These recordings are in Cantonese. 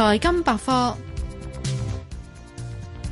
財金百科。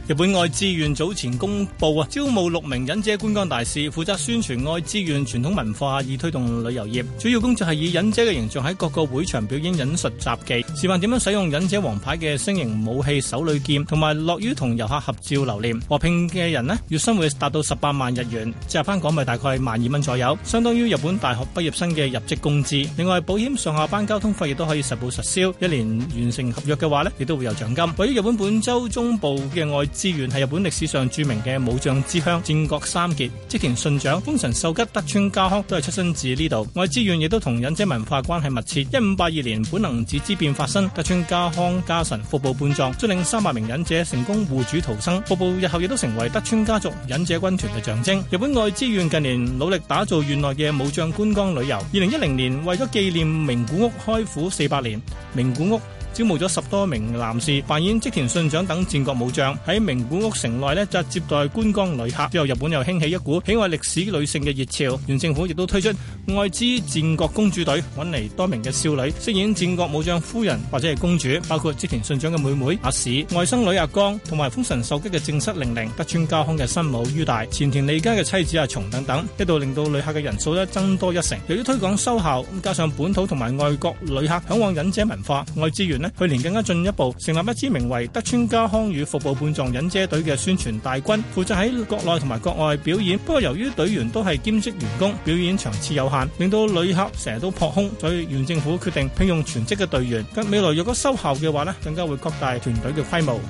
日本愛知縣早前公布啊，招募六名忍者觀光大使，負責宣傳愛知縣傳統文化，以推動旅遊業。主要工作係以忍者嘅形象喺各個會場表演忍術雜技，示範點樣使用忍者王牌嘅星型武器手裏劍，同埋樂於同遊客合照留念。獲聘嘅人呢，月薪會達到十八萬日元，折翻港幣大概萬二蚊左右，相當於日本大學畢業生嘅入職工資。另外保險，保險上下班交通費亦都可以實報實銷。一年完成合約嘅話咧，亦都會有獎金。位於日本本州中部嘅愛。愛知縣係日本歷史上著名嘅武將之鄉，戰國三傑織田信長、豐臣秀吉、德川家康都係出身自呢度。外愛知縣亦都同忍者文化關係密切。一五八二年本能寺之變發生，德川家康、家臣服部半藏率領三百名忍者成功護主逃生，服部日後亦都成為德川家族忍者軍團嘅象徵。日本外愛知縣近年努力打造縣內嘅武將觀光旅遊。二零一零年為咗紀念名古屋開府四百年，名古屋。招募咗十多名男士扮演織田信長等戰國武將，喺名古屋城內咧就接待觀光旅客。之後日本又興起一股喜愛歷史女性嘅熱潮，縣政府亦都推出愛知戰國公主隊，揾嚟多名嘅少女飾演戰國武將夫人或者係公主，包括織田信長嘅妹妹阿市、外甥女阿江，同埋豐臣秀吉嘅正室寧寧、德川家康嘅生母於大、前田利家嘅妻子阿松等等，一度令到旅客嘅人數咧增多一成。由於推廣收效，咁加上本土同埋外國旅客向往忍者文化、愛知縣。去年更加進一步成立一支名為德川家康與服部半藏忍者隊嘅宣傳大軍，負責喺國內同埋國外表演。不過由於隊員都係兼職員工，表演場次有限，令到旅客成日都撲空。所以縣政府決定聘用全職嘅隊員。未來若果收效嘅話呢，更加會擴大團隊嘅規模。